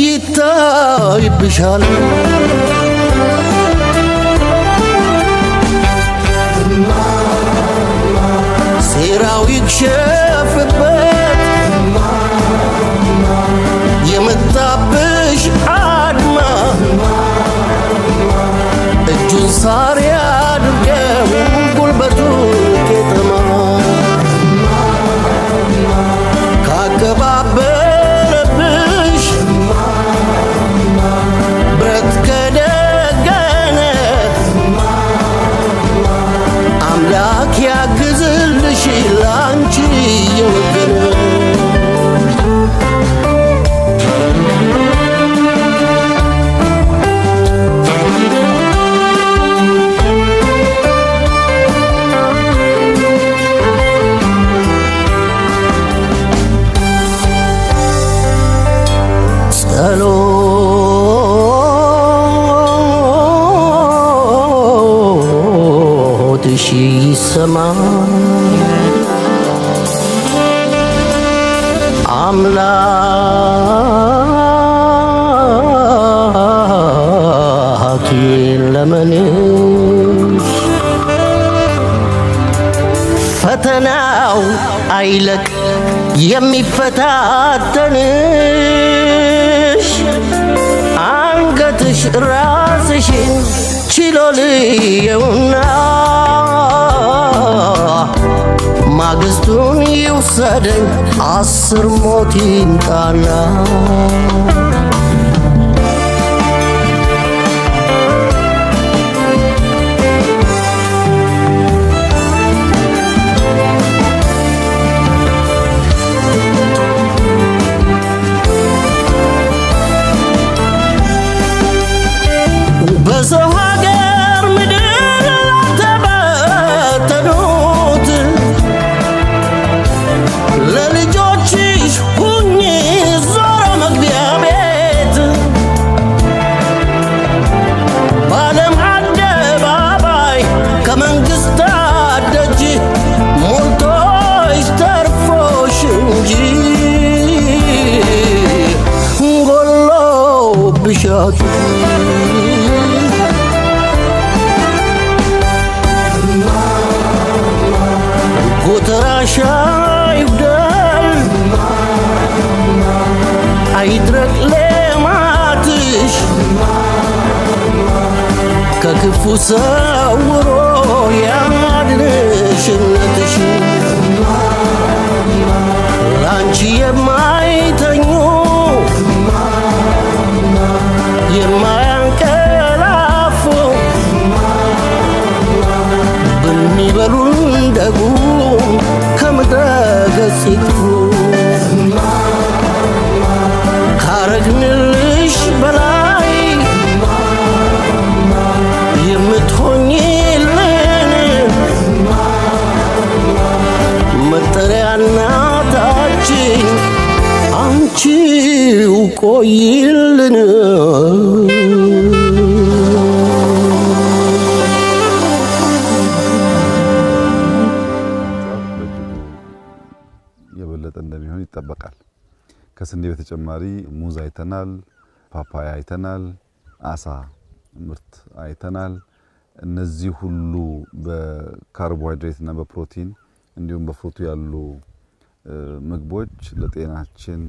ይታይብሻል ድምፅሽ ይሰማ አምላኬ ለመን ፈተናው አይለቅ የሚፈታተንሽ አንገትሽ ራስሽን ችሎ ልየውና ማግስቱን ይውሰደኝ አስር ሞት ይምጣና ያጡ ጎተራሻ ይጉደል አይድረቅ ሌማትሽ! ከክፉ ሰውሮ ያድንሽነትሽ ላንቺ የማይተኛ ሲጥፉ ካረግንልሽ በላይ የምትሆኝልን መጠሪያና ታችን አንቺው ቆይልን ከስንዴ በተጨማሪ ሙዝ አይተናል፣ ፓፓያ አይተናል፣ አሳ ምርት አይተናል። እነዚህ ሁሉ በካርቦሃይድሬት እና በፕሮቲን እንዲሁም በፍሩቱ ያሉ ምግቦች ለጤናችን